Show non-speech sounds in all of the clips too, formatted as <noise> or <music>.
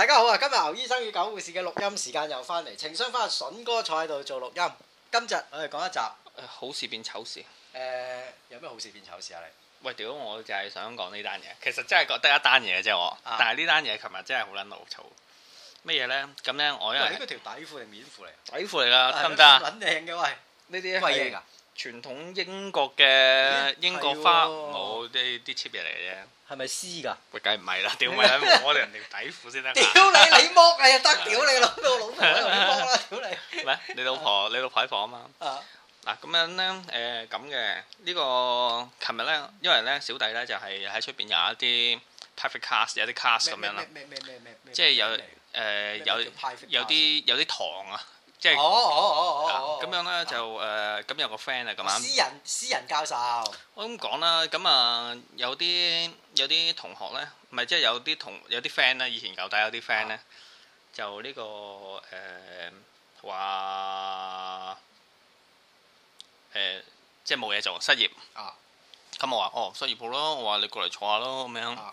大家好啊！今日牛醫生與狗護士嘅錄音時間又翻嚟，情商翻阿筍哥坐喺度做錄音。今日我哋講一集、呃，好事變醜事。誒、呃，有咩好事變醜事啊？你喂，屌！我就係想講呢單嘢，其實真係覺得一單嘢啫，我、啊。但係呢單嘢，琴日真係好撚嬲燥。乜嘢呢？咁呢？我因為呢條底褲係面褲嚟。底褲嚟㗎，得唔得啊？撚靚嘅喂，呢啲貴㗎、啊。傳統英國嘅英國花，冇啲啲 cheap 嘢嚟嘅，啫，係咪絲噶？喂，梗唔係啦，屌你，摸哋人哋底褲先得！屌你，你摸啊，得，屌你，攞到老婆喺度你摸啦，屌你！喂，你老婆，你老婆房啊嘛。嗱，咁樣咧，誒，咁嘅呢個，琴日咧，因為咧，小弟咧就係喺出邊有一啲 perfect cast，有啲 cast 咁樣啦，即係有誒有有啲有啲糖啊。即係哦哦哦哦，咁、哦哦啊、樣咧、哦、就誒，咁、呃嗯、有個 friend 啊咁樣。私人私人教授。我咁講啦，咁啊、呃、有啲有啲同學咧，咪即係有啲同有啲 friend 咧，以前舊底有啲 friend 咧，呢啊、就呢、呢個誒話誒，即係冇嘢做失業。啊！咁我話哦，失業鋪咯，我話你過嚟坐下咯咁樣。啊。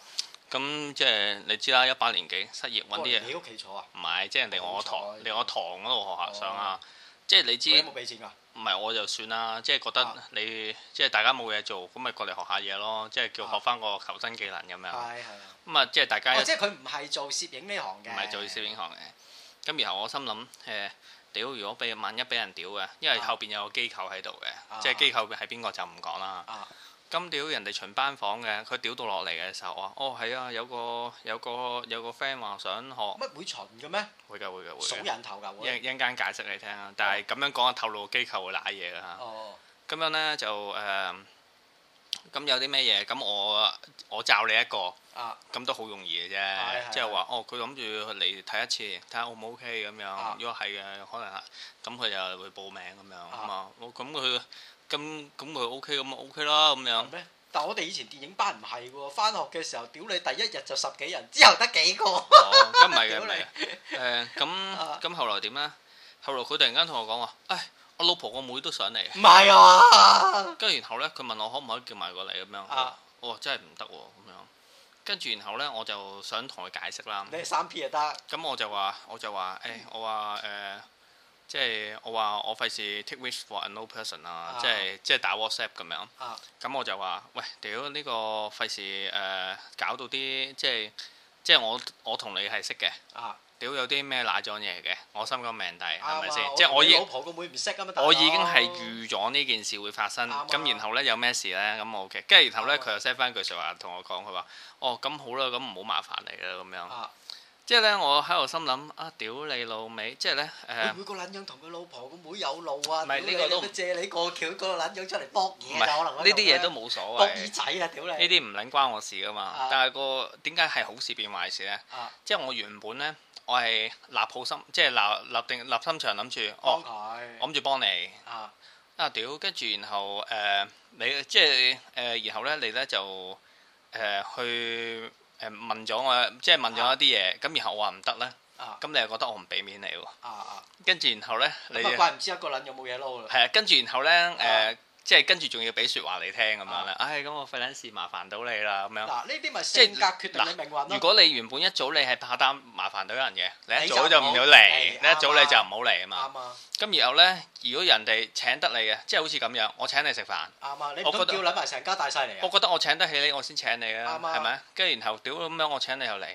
咁即係你知啦，一把年紀失業揾啲嘢。你屋企坐啊？唔係，即係人哋我堂，人我堂嗰度學校上啊。即係你知。佢冇俾錢㗎。唔係我就算啦，即係覺得你即係大家冇嘢做，咁咪過嚟學下嘢咯。即係叫學翻個求生技能咁樣。係係。咁啊，即係大家一即係佢唔係做攝影呢行嘅。唔係做攝影行嘅。咁然後我心諗誒，屌！如果俾萬一俾人屌嘅，因為後邊有個機構喺度嘅，即係機構係邊個就唔講啦。金屌人哋巡班房嘅，佢屌到落嚟嘅時候，我哦係啊，有個有個有個 friend 話想學乜會巡嘅咩？會㗎會㗎會數人頭噶會。一陣間解釋你聽啊，但係咁樣講啊，透露個機構會瀨嘢嘅嚇。哦。咁樣咧就誒，咁有啲咩嘢？咁我我罩你一個。啊。咁都好容易嘅啫，即係話哦，佢諗住嚟睇一次，睇下 O 唔 O K 咁樣。如果係嘅，可能咁佢就會報名咁樣好嘛。我咁佢。咁咁佢 O K 咁就 O K 啦咁樣。咩？但我哋以前電影班唔係喎，翻學嘅時候屌你第一日就十幾人，之後得幾個。哦，咁唔係嘅唔係。誒，咁咁後來點咧？後來佢突然間同我講話：，唉，我老婆個妹都想嚟。唔係啊。跟住然後咧，佢問我可唔可以叫埋過嚟咁樣。啊。我話真係唔得喎，咁樣。跟住然後咧，我就想同佢解釋啦。你三 P 就得。咁我就話，我就話，誒，我話，誒。即係我話我費事 take risk for a new person 啊，啊即係即係打 WhatsApp 咁樣。咁、啊、我就話：喂，屌呢、呢個費事誒、呃、搞到啲即係即係我我同你係識嘅。屌、啊、有啲咩奶撞嘢嘅？我心肝命大係咪先？即係、啊、我已老婆個妹唔識我已經係預咗呢件事會發生，咁、啊、然後咧有咩事咧，咁 OK，跟住然後咧佢、啊、又 send 翻一句話同我講，佢話：哦咁好啦，咁唔好麻煩你啦咁樣。啊。即係咧，我喺度心諗啊，屌你老味！即係咧，誒，每個撚樣同佢老婆個妹有路啊，借你過橋個撚樣出嚟博嘢，可能呢啲嘢都冇所謂。博耳仔啊，屌你！呢啲唔撚關我事噶嘛。但係個點解係好事變壞事咧？即係我原本咧，我係立好心，即係立立定立心腸，諗住，我諗住幫你。啊啊屌！跟住然後誒，你即係誒，然後咧你咧就誒去。誒問咗我，即係問咗一啲嘢，咁、啊、然後我話唔得啦，咁、啊、你又覺得我唔俾面你喎？跟住、啊啊、然後呢，嗯、你怪唔知一個人有冇嘢撈嘅？係、嗯，跟住然後呢。誒、呃。啊即係跟住仲要俾説話你聽咁樣咧，唉咁、啊哎、我費撚事麻煩到你啦咁、啊、樣。嗱，呢啲咪性格決定你命運、啊、如果你原本一早你係怕擔麻煩到人嘅，你一早就唔要嚟，你，要你一早你就唔好嚟啊嘛。啱啊。咁、啊、然後咧，如果人哋請得你嘅，即係好似咁樣，我請你食飯。啱啊，啊，你都叫諗埋成家大細嚟。我覺得我請得起你，我先請你啊，係咪啊？跟住然後屌咁樣，我請你又嚟。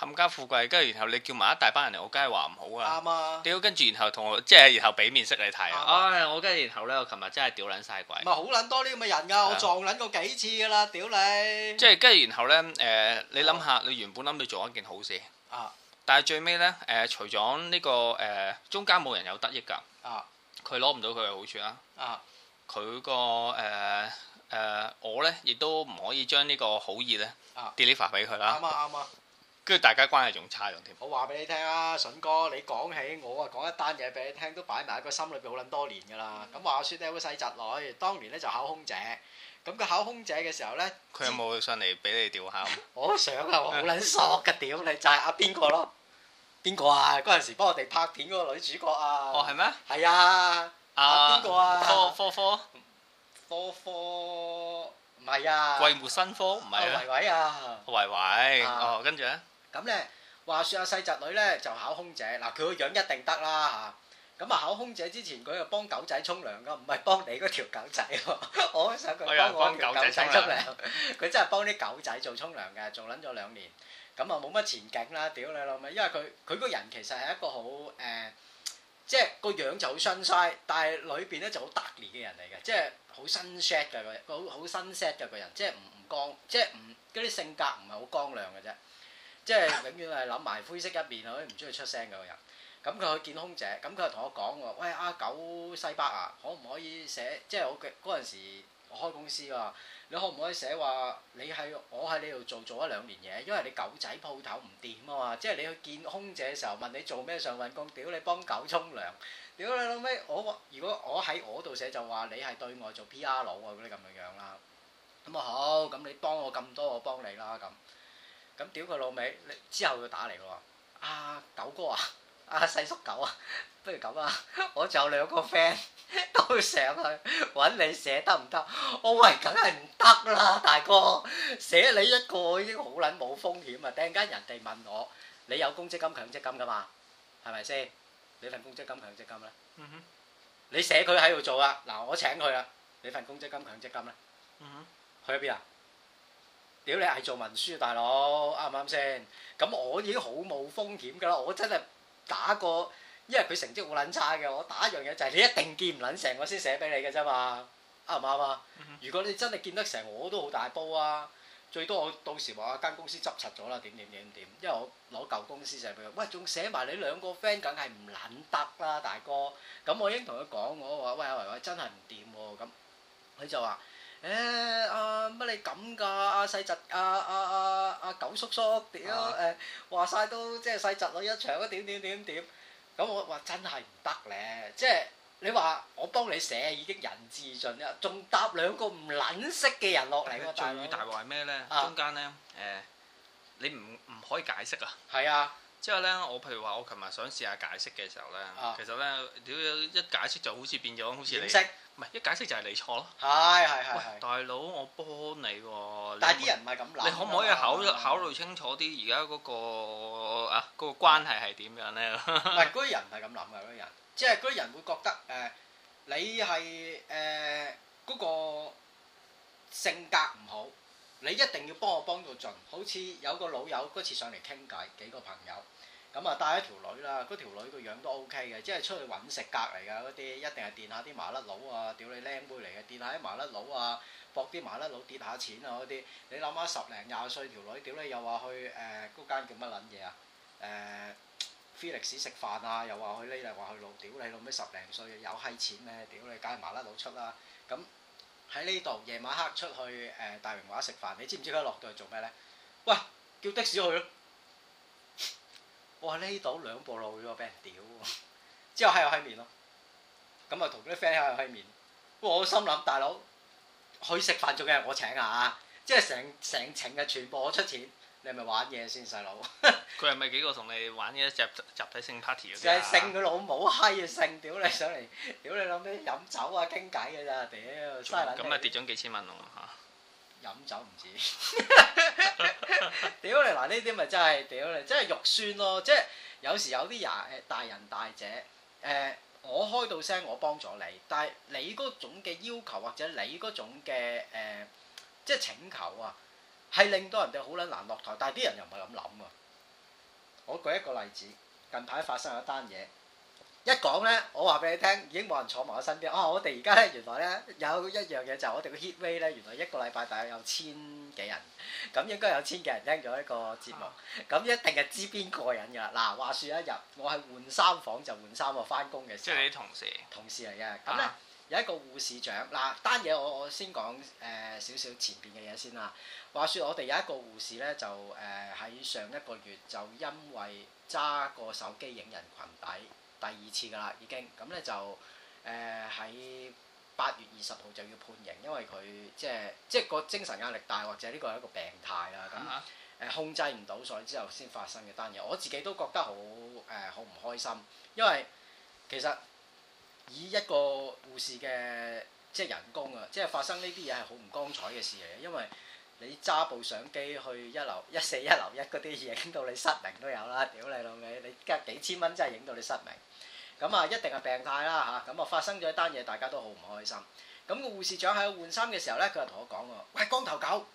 冚家富貴，跟住然後你叫埋一大班人嚟，我梗係話唔好啊！啱啊！屌，跟住然後同我，即係然後俾面色你睇啊！唉，我跟住、oh, 然後咧、awesome，我琴日真係屌撚晒鬼！唔係好撚多呢咁嘅人噶，我撞撚過幾次噶啦，屌你！即係跟住然後咧，誒、呃，你諗下，你原本諗你做一件好事啊，但係最尾咧，誒、呃，除咗呢個誒，中間冇人有得益㗎啊，佢攞唔到佢嘅好處啦啊 stuff，佢個誒誒，我咧亦都唔可以將呢個好意咧 deliver 俾佢啦。啱啊 enas！啱啊！nói Meh Or 跟住大家關係仲差樣添。我話俾你聽啊，筍哥，你講起我啊，講一單嘢俾你聽，都擺埋喺個心裏邊好撚多年㗎啦。咁話説呢個世侄女，當年咧就考空姐，咁個考空姐嘅時候咧，佢有冇上嚟俾你調考？我想啊，我好撚索㗎屌你，就係阿邊個咯？邊個啊？嗰陣時幫我哋拍片嗰個女主角啊？哦，係咩？係啊。阿邊個啊？科科科科，唔係啊。季末新科唔係啊。維維啊。維維哦，跟住咧。咁咧，話説阿細侄女咧就考空姐嗱，佢個樣一定得啦嚇。咁啊，考空姐之前佢又幫狗仔沖涼噶，唔係幫你嗰條狗仔喎。我想佢幫我條狗仔沖涼，佢真係幫啲狗仔做沖涼嘅，做撚咗兩年。咁啊，冇乜前景啦，屌你老味，因為佢佢個人其實係一個好誒，即係個樣就好 sunshine，但係裏邊咧就好特別嘅人嚟嘅，即係好 sunset 嘅個好好 sunset 嘅個人，即係唔唔光，即係唔嗰啲性格唔係好光亮嘅啫。即係永遠係諗埋灰色一面，嗰唔中意出聲嘅個人。咁佢去見空姐，咁佢同我講喂，阿、啊、狗，西北啊，可唔可以寫？即係我嘅嗰陣時，我開公司啊，你可唔可以寫話你喺我喺呢度做做一兩年嘢？因為你狗仔鋪頭唔掂啊嘛。即係你去見空姐嘅時候問你做咩上份工？屌你幫狗沖涼，屌你老尾我。如果我喺我度寫就話你係對外做 PR 佬啊嗰啲咁嘅樣啦、啊。咁啊好，咁你幫我咁多，我幫你啦咁。咁屌佢老味，你之後要打嚟喎。阿九哥啊，阿細叔九啊，不如咁啊，我就兩個 friend 都會上去揾你寫得唔得？我喂，梗係唔得啦，大哥，寫你一個已經好撚冇風險啊！突然間人哋問我，你有公積金強積金噶嘛？係咪先？你份公積金強積金呢？嗯哼。你寫佢喺度做啊？嗱，我請佢啦。你份公積金強積金呢？嗯哼。去咗邊啊？屌你係做文書大佬，啱唔啱先？咁我已經好冇風險㗎啦，我真係打過，因為佢成績好撚差嘅，我打一樣嘢就係你一定見唔撚成，我先寫俾你嘅啫嘛，啱唔啱啊？如果你真係見得成，我都好大煲啊！最多我到時話間公司執實咗啦，點點點點，因為我攞舊公司寫俾佢，喂，仲寫埋你兩個 friend，梗係唔撚得啦，大哥。咁我已經同佢講我話，喂，阿維維真係唔掂喎，咁佢就話。誒阿乜你咁㗎？阿細侄阿阿阿阿九叔叔屌誒話曬都即係細侄女一場啊！點點點點咁我話真係唔得咧，即係你話我幫你寫已經仁至盡啦，仲搭兩個唔撚識嘅人落嚟，最尾大鑊咩咧？中間咧誒，你唔唔可以解釋啊！係啊，之後咧我譬如話我琴日想試下解釋嘅時候咧，其實咧屌一解釋就好似變咗好似你。唔係一解釋就係你錯咯，係係係。喂，係，大佬我幫你喎啊，但係啲人唔係咁諗，你可唔可以考考慮清楚啲，嗰個？而家嗰個啊嗰、嗰個關係係點樣咧？唔係嗰啲人唔係咁諗㗎，嗰啲人即係嗰啲人會覺得誒、呃，你係誒嗰個性格唔好，你一定要幫我幫到盡。好似有個老友嗰次上嚟傾偈，幾個朋友。咁啊，帶一條女啦，嗰條女個樣都 O K 嘅，即係出去揾食隔嚟㗎嗰啲，一定係墊下啲麻甩佬啊！屌你靚妹嚟嘅，墊下啲麻甩佬啊，搏啲麻甩佬跌下錢啊嗰啲。你諗下十零廿歲條女，屌你又話去誒嗰間叫乜撚嘢啊？誒，菲力斯食飯啊，又話去呢，又話去老屌你老咩？十零歲有閪錢咩？屌你，梗係麻甩佬出啦！咁喺呢度夜晚黑出去誒大明華食飯，你知唔知佢落到去做咩呢？喂，叫的士去咯！我呢度兩步路啫，俾人屌喎！ <laughs> 之後喺度喺面咯，咁啊同啲 friend 喺度喺面。我心諗大佬，去食飯仲嘅係我請啊！即係成成程嘅全部我出錢，你係咪玩嘢先細佬？佢係咪幾個同你玩嘅集集體性 party 嗰啲？成個老母閪 <laughs> 啊！性屌你上嚟屌你諗啲飲酒啊傾偈嘅咋屌！咁啊跌咗幾千蚊喎嚇！飲酒唔止，屌你嗱呢啲咪真係屌你，真係肉酸咯！即係有時有啲人誒大人大姐誒、呃，我開到聲我幫咗你，但係你嗰種嘅要求或者你嗰種嘅誒、呃、即係請求啊，係令到人哋好撚難落台，但係啲人又唔係咁諗啊。我舉一個例子，近排發生一單嘢。一講咧，我話俾你聽，已經冇人坐埋我身邊。啊，我哋而家咧，原來咧有一樣嘢就係我哋嘅 hit way 咧，原來一個禮拜大概有千幾人，咁應該有千幾人聽咗一個節目，咁一定係知邊個人㗎啦。嗱、啊，話説一日，我係換衫房就換衫喎，翻工嘅時候。即係你同事。同事嚟嘅，咁咧、啊、有一個護士長。嗱、啊，單嘢我我先講誒、呃、少少前邊嘅嘢先啦。話説我哋有一個護士咧，就誒喺、呃、上一個月就因為揸個手機影人裙底。第二次㗎啦，已經咁咧就誒喺八月二十號就要判刑，因為佢即係即係個精神壓力大，或者呢個係一個病態啦，咁、啊、誒、嗯、控制唔到，所以之後先發生嘅單嘢。我自己都覺得好誒好唔開心，因為其實以一個護士嘅即係人工啊，即係發生呢啲嘢係好唔光彩嘅事嚟嘅，因為。你揸部相機去一樓一四一樓一嗰啲影到你失明都有啦，屌你老味！你加幾千蚊真係影到你失明，咁啊一定係病態啦嚇！咁啊發生咗一單嘢，大家都好唔開心。咁個護士長喺換衫嘅時候咧，佢就同我講喎：喂，光頭狗，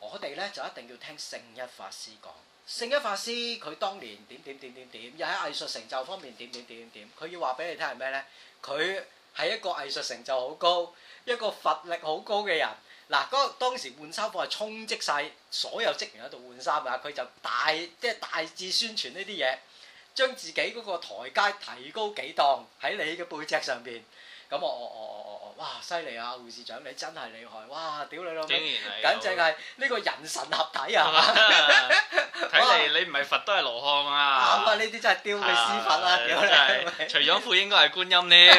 我哋咧就一定要聽聖一法師講。聖一法師佢當年點點點點點，又喺藝術成就方面點點點點，佢要話俾你聽係咩咧？佢係一個藝術成就好高，一個佛力好高嘅人。嗱，嗰當時換衫褲係充斥晒所有職員喺度換衫啊，佢就大，即係大致宣傳呢啲嘢，將自己嗰個台階提高幾檔喺你嘅背脊上邊。咁我我我我我哇犀利啊！護士長你真係厲害，哇屌你老母，簡直係呢個人神合體啊！係嘛！睇嚟你唔係佛都係羅漢啊！啱啊！呢啲真係屌你屎忽啦！屌你！除咗褲應該係觀音咧，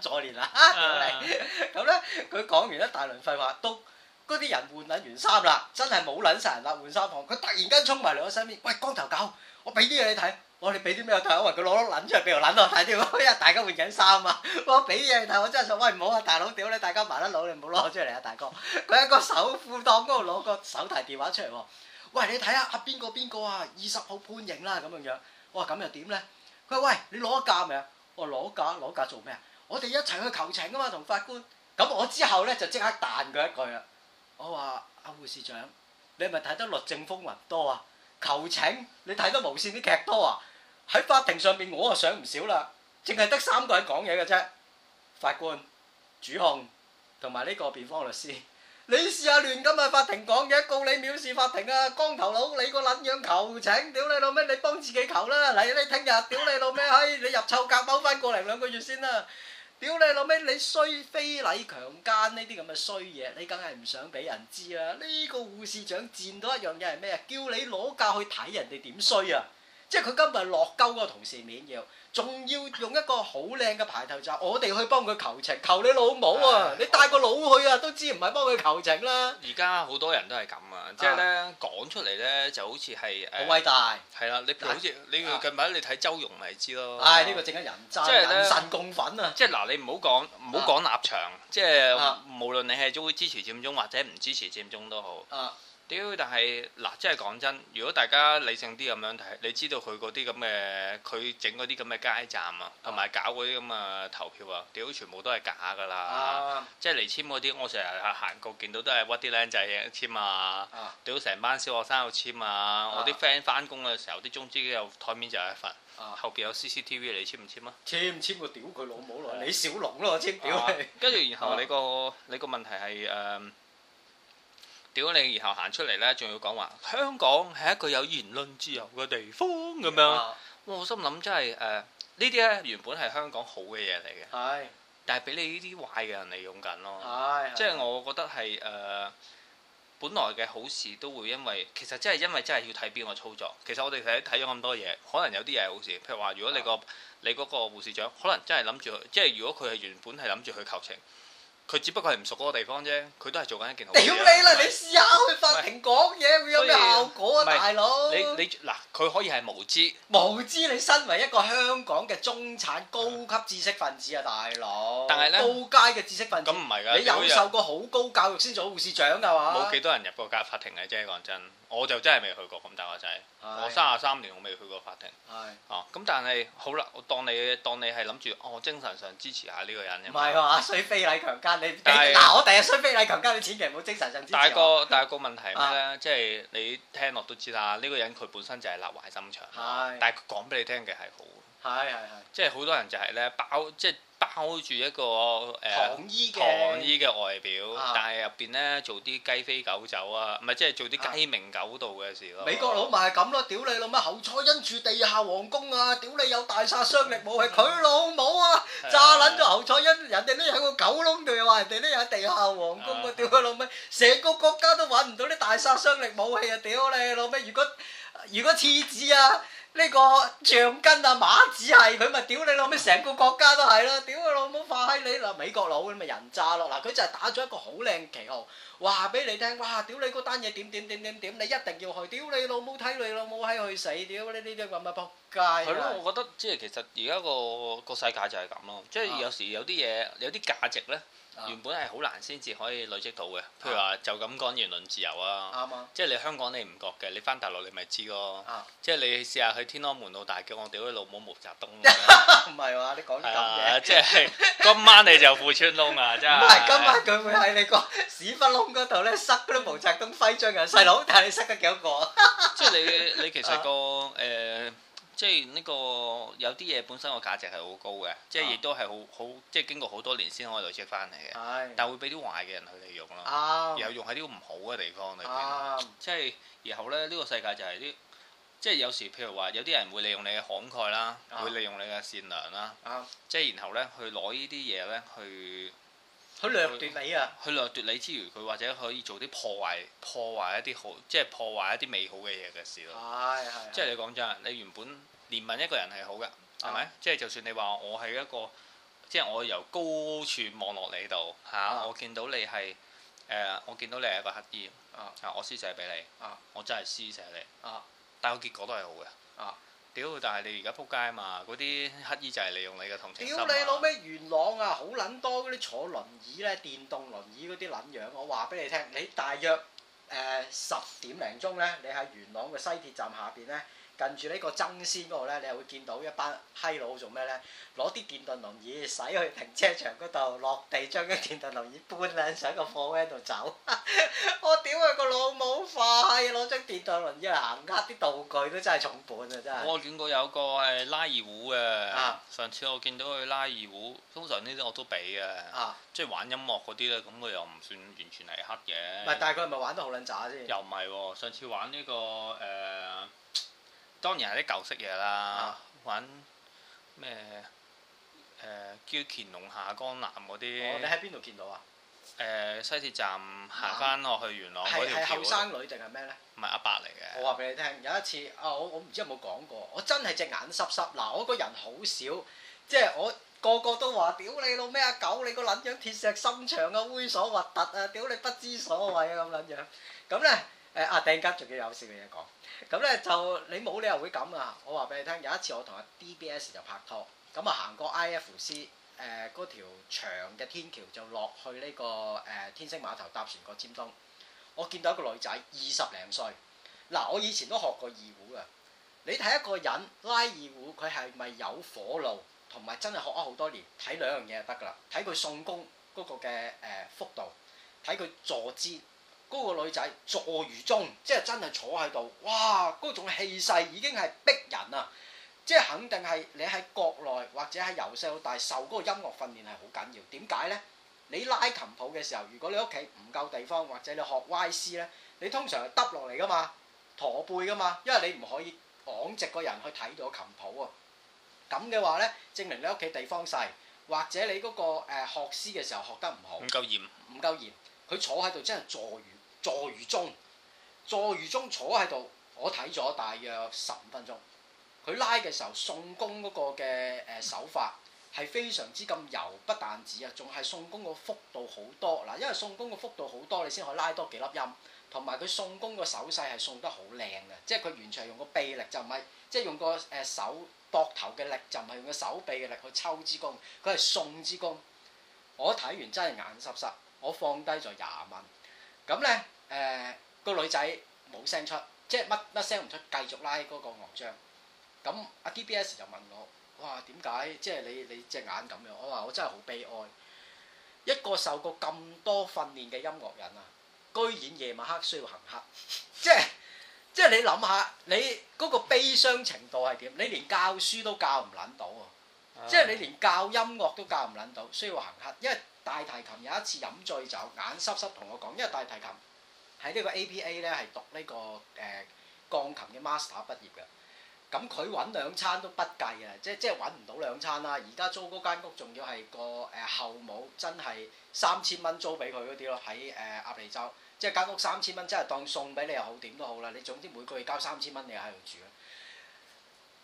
坐蓮啊！嚇屌你！咁咧佢講完一大輪廢話，都嗰啲人換撚完衫啦，真係冇撚晒人啦換衫房，佢突然間衝埋嚟我身邊，喂光頭狗，我俾啲嘢你睇。哦、我哋俾啲咩嘢台？我話佢攞碌撚出嚟，俾條撚我睇啲。因為大家換緊衫啊！我俾嘢台，但我真係想喂唔好啊！大佬屌你，大家麻甩佬，你唔好攞出嚟啊！大哥，佢喺、啊、個手褲檔嗰度攞個手提電話出嚟喎。喂，你睇下啊邊個邊個啊？二十號判刑啦咁樣樣。哇，咁又點咧？佢話：喂，你攞架未啊？我攞架攞架做咩啊？我哋一齊去求情啊嘛，同法官。咁我之後咧就即刻彈佢一句啦。我話：阿、啊、護士長，你係咪睇得《律政風雲》多啊？求情，你睇得無線啲劇多啊？喺法庭上面，我啊想唔少啦，淨係得三個人講嘢嘅啫，法官、主控同埋呢個辯方律師。你試下亂咁喺法庭講嘢，告你藐視法庭啊！光頭佬，你個撚樣求情，屌你老咩！你幫自己求啦，嚟你聽日，屌你老咩閪！你入臭格踎翻過嚟兩個月先啦、啊！屌你老咩！你衰非禮強姦呢啲咁嘅衰嘢，你梗係唔想俾人知啦、啊！呢、這個護士長佔到一樣嘢係咩啊？叫你攞架去睇人哋點衰啊！即係佢今日落鳩個同事面要，仲要用一個好靚嘅排頭仔，我哋去幫佢求情，求你老母啊！唉你帶個佬去啊，都知唔係幫佢求情啦。而家好多人都係咁啊，即係咧講出嚟咧就好似係好偉大。係啦，你好似唉你近排你睇周融咪知咯。係呢、呢個正一人渣。即係、啊、人神共憤啊！即係嗱，你唔好講唔好講立場，即係、啊、無論你係中唔支持佔中或者唔支持佔中都好。啊。屌！但係嗱，即係講真，如果大家理性啲咁樣睇，你知道佢嗰啲咁嘅，佢整嗰啲咁嘅街站啊，同埋搞嗰啲咁嘅投票啊，屌全部都係假㗎啦！即係嚟簽嗰啲，我成日行過見到都係屈啲靚仔簽啊！屌成班小學生又簽啊！我啲 friend 翻工嘅時候，啲中資有台面就係一份，後邊有 CCTV 你簽唔簽啊？簽唔簽個屌佢老母咯！你小龍咯，我簽屌，跟住然後你個你個問題係誒？屌你！然後行出嚟咧，仲要講話香港係一個有言論自由嘅地方咁樣的。我心諗真係誒，呢啲咧原本係香港好嘅嘢嚟嘅。係的。但係俾你呢啲壞嘅人嚟用緊咯。係的。即係我覺得係誒、呃，本來嘅好事都會因為其實真係因為真係要睇邊個操作。其實我哋睇睇咗咁多嘢，可能有啲嘢係好事。譬如話，如果你、嗰個的你嗰個護士長，可能真係諗住，即係如果佢係原本係諗住去求情。佢只不過係唔熟嗰個地方啫，佢都係做緊一件好事啊。屌你啦！吧你試下去法庭講嘢會有咩效果啊，是大佬哥！你你嗱，佢可以係無知，無知你身為一個香港嘅中產高級知識分子啊，大佬！但係咧，高階嘅知識分子咁唔係㗎，你有受過好高教育先做護士長㗎嘛？冇幾多人入過架法庭嘅啫，講真。我就真係未去過咁大個仔，我三啊三年我未去過法庭，的啊咁但係好啦，我當你當你係諗住我精神上支持下呢個人，唔係嘛？衰非禮強姦你，嗱是、啊、我第日衰非禮強姦你，千祈唔好精神上支持。但係個但係個問題係咩咧，啊、即係你聽落都知啦，呢、呢個人佢本身就係立壞心腸，的但係佢講俾你聽嘅係好。係係係，即係好多人就係咧，包即係包住一個誒糖、呃、衣嘅外表，啊、但係入邊咧做啲雞飛狗走啊，唔係即係做啲雞鳴狗盜嘅事咯。啊、美國佬咪係咁咯，屌你老母侯賽因住地下皇宮啊，屌你有大殺傷力武器佢 <laughs> 老母啊，啊炸撚咗侯賽因，人哋匿喺個狗窿度又話人哋匿喺地下皇宮啊，屌佢老母，成個國家都揾唔到啲大殺傷力武器啊，屌你老母，如果如果廁紙啊！呢個橡筋啊，馬子係佢咪屌你老母，成個國家都係啦，屌你老母，快你嗱，美國佬咁咪人渣咯嗱，佢就係打咗一個好靚旗號，話俾你聽，哇屌你嗰單嘢點點點點點，你一定要去，屌你老母睇你老母閪去死，屌你呢啲咁嘅仆。係咯，我覺得即係其實而家個個世界就係咁咯，即係有時有啲嘢有啲價值咧，原本係好難先至可以累積到嘅。譬如話就咁講言論自由啊，即係你香港你唔覺嘅，你返大陸你咪知咯。即係你試下去天安門度大叫，我屌你老母毛澤東，唔係話你講咁嘢，即係今晚你就褲穿窿啊！真係。今晚佢會喺你個屎窟窿嗰度咧，塞嗰啲毛澤東徽章嘅細佬，但係你塞得幾多個？即係你你其實個誒。即係呢、這個有啲嘢本身個價值係好高嘅，即係亦都係好好，即係經過好多年先可以累積翻嚟嘅。係的，但會俾啲壞嘅人去利用、哦、然後用喺啲唔好嘅地方裏邊。哦、即係然後咧，呢、這個世界就係、是、啲，即係有時譬如話有啲人會利用你嘅慷慨啦，會利用你嘅善良啦，哦、即係然後呢，去攞呢啲嘢呢去。佢掠奪你啊！佢掠奪你之餘，佢或者可以做啲破壞、破壞一啲好，即係破壞一啲美好嘅嘢嘅事咯。係係、哎。即係你講真，你原本憐憫一個人係好嘅，係咪、啊？即係、就是、就算你話我係一個，即係我由高處望落你度嚇、啊呃，我見到你係誒，我見到你係一個乞衣啊，我施捨俾你啊，我真係施捨你啊，但個結果都係好嘅啊。屌！但係你而家撲街啊嘛，嗰啲乞衣就係利用你嘅同情心啊！屌你老味元朗啊，好撚多嗰啲坐輪椅咧、電動輪椅嗰啲撚樣，我話俾你聽，你大約誒、呃、十點零鐘咧，你喺元朗嘅西鐵站下邊咧。近住呢個爭先嗰度咧，你又會見到一班閪佬做咩咧？攞啲電動輪椅駛去停車場嗰度落地，將啲電動輪椅搬兩上個貨 van 度走。 <laughs> 我屌佢個老母快攞張電動輪椅行，呃啲道具都真係重本啊，真係。我見過有個誒拉二胡嘅，啊、上次我見到佢拉二胡，通常呢啲我都俾嘅，即係、啊、玩音樂嗰啲咧，咁佢又唔算完全係黑嘅。唔係，但係佢係咪玩得好撚渣先？又唔係喎，上次玩呢、呢個誒。呃當然係啲舊式嘢啦，揾咩、啊？誒、呃、叫乾隆下江南嗰啲、哦。你喺邊度見到啊？誒、呃，西鐵站行翻落去元朗嗰條路。係係後生女定係咩咧？唔係阿伯嚟嘅。我話俾你聽，有一次啊，我我唔知有冇講過，我真係隻眼濕濕嗱，我個人好少，即係我個個都話：屌你老咩啊狗！你個撚樣鐵石心腸啊猥瑣核突啊！屌你不知所謂啊咁撚樣咁咧。誒啊，訂金仲要有笑嘅嘢講，咁咧就你冇理由會咁啊！我話俾你聽，有一次我同阿 DBS 就拍拖，咁啊行過 IFC 誒、呃、嗰條長嘅天橋就、這個，就落去呢個誒天星碼頭搭船過尖東。我見到一個女仔二十零歲，嗱我以前都學過二胡嘅。你睇一個人拉二胡，佢係咪有火路，同埋真係學咗好多年，睇兩樣嘢就得㗎啦。睇佢送弓嗰個嘅誒、呃、幅度，睇佢坐姿。嗰個女仔坐如鐘，即係真係坐喺度，哇！嗰種氣勢已經係逼人啊！即係肯定係你喺國內或者係由細到大受嗰個音樂訓練係好緊要。點解呢？你拉琴譜嘅時候，如果你屋企唔夠地方，或者你學歪師呢，你通常係耷落嚟㗎嘛，駝背㗎嘛，因為你唔可以昂直個人去睇到琴譜啊。咁嘅話呢，證明你屋企地方細，或者你嗰、那個誒、呃、學師嘅時候學得唔好，唔夠嚴，唔夠嚴。佢坐喺度真係坐如。坐如鐘，坐如鐘坐喺度，我睇咗大約十五分鐘。佢拉嘅時候，送弓嗰個嘅誒手法係非常之咁柔，不單止啊！仲係送弓個幅度好多嗱，因為送弓個幅度好多，你先可以拉多幾粒音。同埋佢送弓個手勢係送得好靚嘅，即係佢完全係用個臂力，就唔係即係用個誒手膊頭嘅力，就唔係用個手臂嘅力去抽支弓，佢係送支弓。我睇完真係眼濕濕，我放低咗廿蚊。咁咧，誒、呃嗰個女仔冇聲出，即係乜乜聲唔出，繼續拉嗰個樂章。咁阿 D B S 就問我：哇，點解？即係你你隻眼咁樣？我話我真係好悲哀。一個受過咁多訓練嘅音樂人啊，居然夜晚黑需要行乞， <laughs> 即係即係你諗下，你嗰個悲傷程度係點？你連教書都教唔撚到啊！即係你連教音樂都教唔撚到，所以話行乞。因為大提琴有一次飲醉酒，眼濕濕同我講。因為大提琴喺呢、這個 APA 咧係讀呢個誒鋼琴嘅 master 畢業嘅。咁佢揾兩餐都不計啊！即即係揾唔到兩餐啦。而家租嗰間屋仲要係個誒、呃、後母真係三千蚊租俾佢嗰啲咯，喺誒阿皮洲。即係間屋三千蚊，真係當送俾你又好，點都好啦。你總之每個月交三千蚊，你喺度住。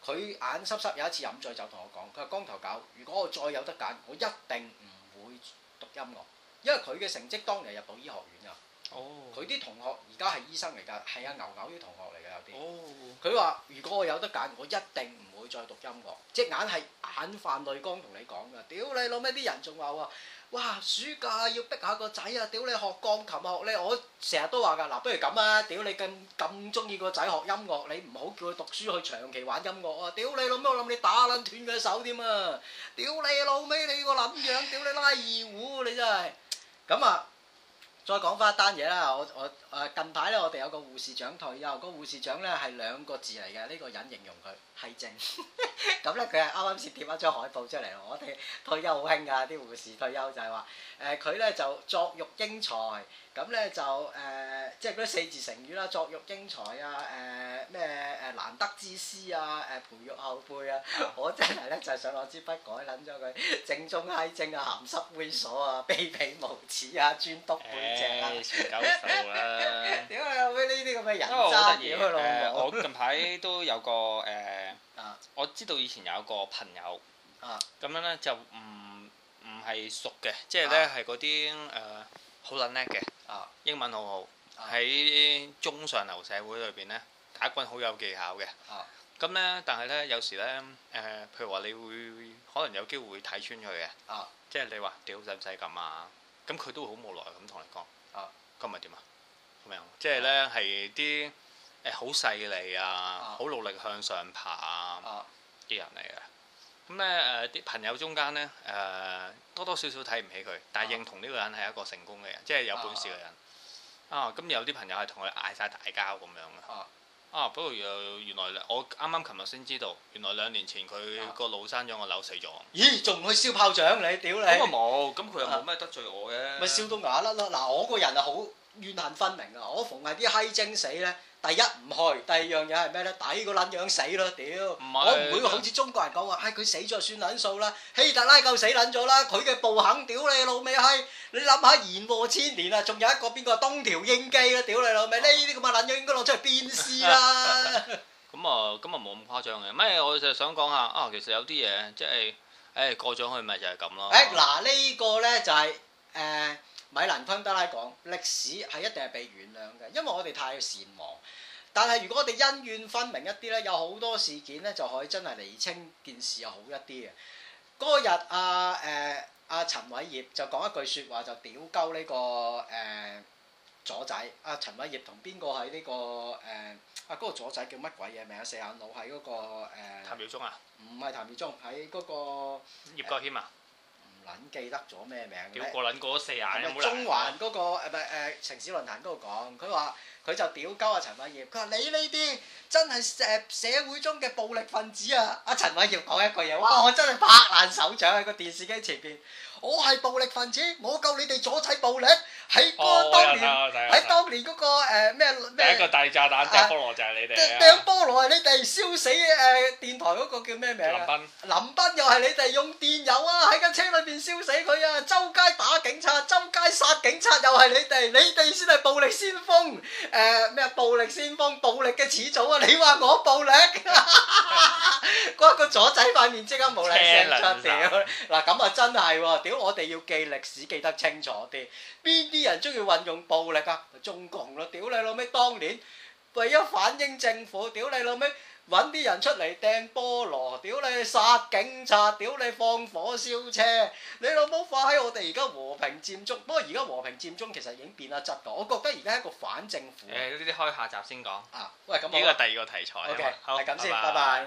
佢眼濕濕有一次飲醉酒同我講，佢話光頭狗，如果我再有得揀，我一定唔會讀音樂，因為佢嘅成績當年入到醫學院啊。哦。佢啲同學而家係醫生嚟㗎，係啊，牛牛啲同學嚟㗎。有啲。哦。佢話：如果我有得揀，我一定唔會再讀音樂，隻眼係眼泛淚光同你講㗎。屌你老咩啲人仲話喎？哇！暑假、啊、要逼下個仔啊，屌你學鋼琴學呢？我成日都話㗎，嗱，不如咁啊，屌你咁咁中意個仔學音樂，你唔好叫佢讀書去長期玩音樂啊，屌你老母，我諗你打撚斷佢手添啊，屌你老味，你個撚樣，屌你，你，屌你拉二胡，你真係，咁啊。再講翻一單嘢啦，我我誒近排咧，我哋有個護士長退休，個護士長咧係兩個字嚟嘅，呢、呢個人形容佢係正。咁咧佢係啱啱先貼一張海報出嚟，我哋退休好興㗎，啲護士退休就係話誒佢咧就作育英才，咁咧就誒即係嗰啲四字成語啦，作育英才啊、誒咩誒難得之師啊、誒培育後輩啊，嗯、我真係咧就係、想攞支筆改撚咗佢正宗閪正啊、鹹濕猥瑣啊、卑鄙無恥啊、專篤背。嗯」誒拳九手啦！點 <laughs> 授啊 <laughs> 有， <laughs> 俾呢啲咁嘅人渣嚟咯！我近排都有個誒，呃啊、我知道以前有個朋友，咁、啊、樣咧就唔唔係熟嘅，即係咧係嗰啲誒好撚叻嘅，英文好好，喺、啊、中上流社會裏邊咧打滾好有技巧嘅，咁咧、啊嗯、但係咧有時咧誒、呃，譬如話你會可能有機會睇穿佢嘅，即係、啊、你話屌使唔使咁啊？咁佢都會好無奈咁同你講，今日點啊？咁樣即係咧係啲誒好勢利啊，好、啊啊、努力向上爬啊啲、啊、人嚟嘅。咁咧誒啲朋友中間咧誒多多少少睇唔起佢，但係、啊、認同呢個人係一個成功嘅人，即、就、係、是、有本事嘅人。啊，咁、啊啊、有啲朋友係同佢嗌晒大交咁樣嘅。啊啊！不過又原來我啱啱琴日先知道，原來兩年前佢個腦生咗個瘤死咗。咦？仲唔去燒炮仗？你屌你！咁啊冇，咁佢又冇咩得罪我嘅。咪燒到牙甩咯！嗱、啊，我個人啊好怨恨分明啊，我逢係啲閪精死咧。第一唔去，第二樣嘢係咩咧？抵個撚樣死咯，屌！唔係，我唔會好似中國人講話，唉佢死咗算撚數啦，希特拉夠死撚咗啦，佢嘅暴行屌你老味閪！你諗下延禍千年啊，仲有一個邊個東條英機啦，屌你老味，呢啲咁嘅撚樣應該攞出去鞭屍啦！咁啊，咁啊冇咁誇張嘅，咩？我就想講下啊，其實有啲嘢即係，唉過咗去咪就係咁咯。誒嗱呢個咧就係誒。米蘭昆德拉講：歷史係一定係被原諒嘅，因為我哋太善忘。但係如果我哋恩怨分明一啲咧，有好多事件咧就可以真係釐清件事又好一啲嘅。嗰日阿誒阿陳偉業就講一句説話，就屌鳩呢個誒左、啊、仔。阿、啊、陳偉業同邊、這個喺呢、啊那個誒？阿嗰個左仔叫乜鬼嘢名？四眼佬喺嗰個誒？啊、譚耀宗啊？唔係譚耀宗，喺嗰、那個葉國謙啊。啊唔記得咗咩名？叫過撚過四眼，又中環嗰、嗰個誒唔城市論壇嗰度講，佢話佢就屌鳩阿陳偉業，佢話你呢啲真係誒社會中嘅暴力分子啊！阿、啊、陳偉業講一句嘢，哇！我真係拍爛手掌喺個電視機前邊。我係暴力分子，我夠你哋阻止暴力。喺嗰當年，喺當年嗰個誒咩咩？第一個大炸彈掟菠蘿就係你哋啊！掟菠蘿係你哋燒死誒電台嗰個叫咩名啊？林彬，林彬又係你哋用電油啊喺架車裏邊燒死佢啊！周街打警察，周街殺警察又係你哋，你哋先係暴力先鋒。誒咩暴力先鋒，暴力嘅始祖啊！你話我暴力？個個左仔塊面即刻無厘聲出，屌嗱咁啊，真係喎，屌我哋要記歷史記得清楚啲，邊啲人中意運用暴力啊？中共咯，屌你老味當年為咗反英政府，屌你老味搵啲人出嚟掟菠蘿，屌你殺警察，屌你放火燒車，你老母快喺我哋而家和平佔中，不過而家和平佔中其實已經變咗質噶，我覺得而家係一個反政府。誒，呢啲開下集先講。啊，喂咁好。呢個第二個題材。OK，好，係咁先，拜拜。